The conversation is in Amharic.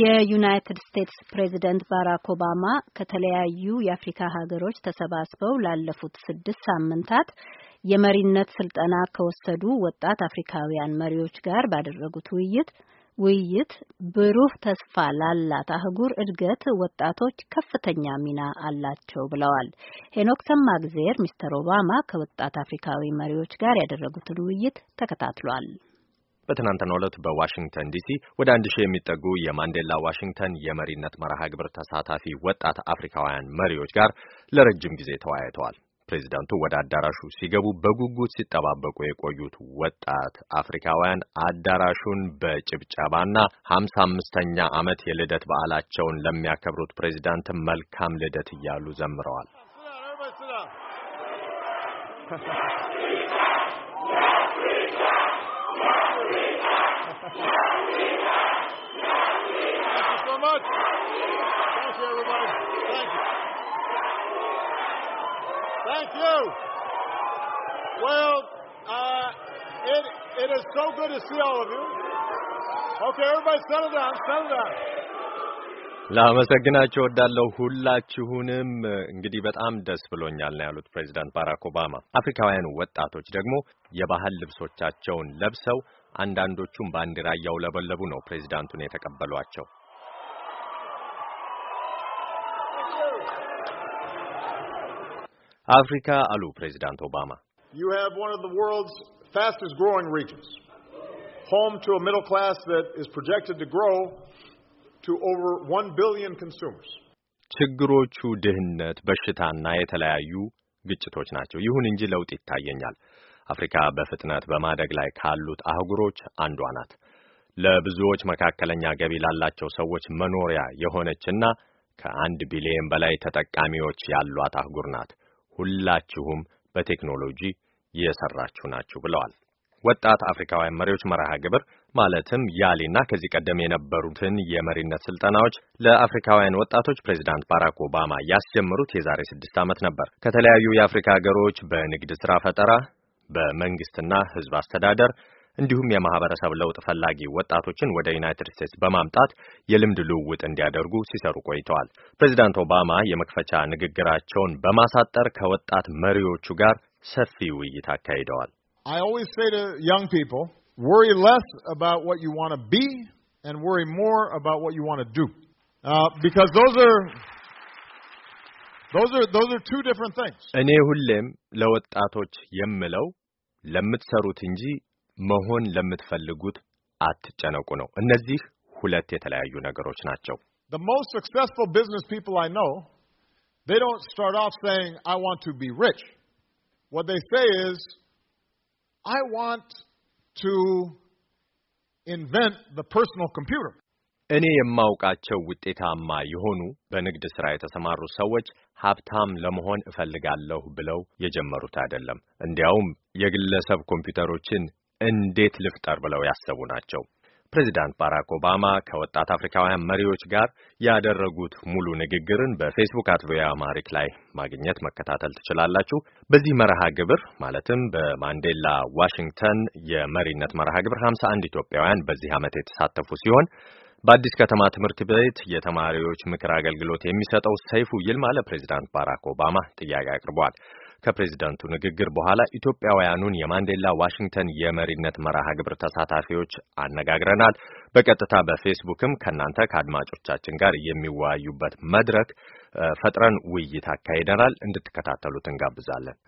የዩናይትድ ስቴትስ ፕሬዚደንት ባራክ ኦባማ ከተለያዩ የአፍሪካ ሀገሮች ተሰባስበው ላለፉት ስድስት ሳምንታት የመሪነት ስልጠና ከወሰዱ ወጣት አፍሪካውያን መሪዎች ጋር ባደረጉት ውይይት ውይይት ብሩህ ተስፋ ላላት አህጉር እድገት ወጣቶች ከፍተኛ ሚና አላቸው ብለዋል። ሄኖክ ሰማግዜር ሚስተር ኦባማ ከወጣት አፍሪካዊ መሪዎች ጋር ያደረጉትን ውይይት ተከታትሏል። በትናንትናው ዕለት በዋሽንግተን ዲሲ ወደ አንድ ሺህ የሚጠጉ የማንዴላ ዋሽንግተን የመሪነት መርሃ ግብር ተሳታፊ ወጣት አፍሪካውያን መሪዎች ጋር ለረጅም ጊዜ ተወያይተዋል። ፕሬዚዳንቱ ወደ አዳራሹ ሲገቡ በጉጉት ሲጠባበቁ የቆዩት ወጣት አፍሪካውያን አዳራሹን በጭብጨባና ሀምሳ አምስተኛ ዓመት የልደት በዓላቸውን ለሚያከብሩት ፕሬዚዳንት መልካም ልደት እያሉ ዘምረዋል። Thank you Thank you. Well, uh, it, it is so good to see all of you. Okay, everybody settle down, settle down. ላመሰግናችሁ ወዳለው ሁላችሁንም። እንግዲህ በጣም ደስ ብሎኛል ነው ያሉት ፕሬዚዳንት ባራክ ኦባማ። አፍሪካውያኑ ወጣቶች ደግሞ የባህል ልብሶቻቸውን ለብሰው አንዳንዶቹም ባንዲራ እያውለበለቡ ነው ፕሬዚዳንቱን የተቀበሏቸው። አፍሪካ አሉ ፕሬዚዳንት ኦባማ you have one of the world's fastest growing regions home to a middle class that is projected to grow to over 1 billion consumers ችግሮቹ ድህነት፣ በሽታና የተለያዩ ግጭቶች ናቸው። ይሁን እንጂ ለውጥ ይታየኛል። አፍሪካ በፍጥነት በማደግ ላይ ካሉት አህጉሮች አንዷ ናት። ለብዙዎች መካከለኛ ገቢ ላላቸው ሰዎች መኖሪያ የሆነችና ከአንድ ቢሊዮን በላይ ተጠቃሚዎች ያሏት አህጉር ናት። ሁላችሁም በቴክኖሎጂ የሰራችሁ ናችሁ ብለዋል። ወጣት አፍሪካውያን መሪዎች መርሃ ግብር ማለትም ያሊና ከዚህ ቀደም የነበሩትን የመሪነት ስልጠናዎች ለአፍሪካውያን ወጣቶች ፕሬዚዳንት ባራክ ኦባማ ያስጀምሩት የዛሬ ስድስት ዓመት ነበር። ከተለያዩ የአፍሪካ ሀገሮች በንግድ ስራ ፈጠራ፣ በመንግስትና ህዝብ አስተዳደር እንዲሁም የማህበረሰብ ለውጥ ፈላጊ ወጣቶችን ወደ ዩናይትድ ስቴትስ በማምጣት የልምድ ልውውጥ እንዲያደርጉ ሲሰሩ ቆይተዋል። ፕሬዚዳንት ኦባማ የመክፈቻ ንግግራቸውን በማሳጠር ከወጣት መሪዎቹ ጋር ሰፊ ውይይት አካሂደዋል። I always say to young people, worry less about what you want to be and worry more about what you want to do. Uh, because those are those are those are two different things. እኔ ሁሌም ለወጣቶች የምለው ለምትሰሩት እንጂ መሆን ለምትፈልጉት አትጨነቁ ነው። እነዚህ ሁለት የተለያዩ ነገሮች ናቸው። The most successful business people I know, they don't start off saying, I want to be rich. What they say is, I want to invent the personal computer. እኔ የማውቃቸው ውጤታማ የሆኑ በንግድ ሥራ የተሰማሩ ሰዎች ሀብታም ለመሆን እፈልጋለሁ ብለው የጀመሩት አይደለም። እንዲያውም የግለሰብ ኮምፒውተሮችን እንዴት ልፍጠር ብለው ያሰቡ ናቸው። ፕሬዚዳንት ባራክ ኦባማ ከወጣት አፍሪካውያን መሪዎች ጋር ያደረጉት ሙሉ ንግግርን በፌስቡክ አት ቪኦኤ አማሪክ ላይ ማግኘት መከታተል ትችላላችሁ። በዚህ መርሃ ግብር ማለትም በማንዴላ ዋሽንግተን የመሪነት መርሃ ግብር 51 ኢትዮጵያውያን በዚህ ዓመት የተሳተፉ ሲሆን በአዲስ ከተማ ትምህርት ቤት የተማሪዎች ምክር አገልግሎት የሚሰጠው ሰይፉ ይልማ ለፕሬዚዳንት ባራክ ኦባማ ጥያቄ አቅርቧል። ከፕሬዚዳንቱ ንግግር በኋላ ኢትዮጵያውያኑን የማንዴላ ዋሽንግተን የመሪነት መርሃ ግብር ተሳታፊዎች አነጋግረናል። በቀጥታ በፌስቡክም ከእናንተ ከአድማጮቻችን ጋር የሚወያዩበት መድረክ ፈጥረን ውይይት አካሂደናል። እንድትከታተሉት እንጋብዛለን።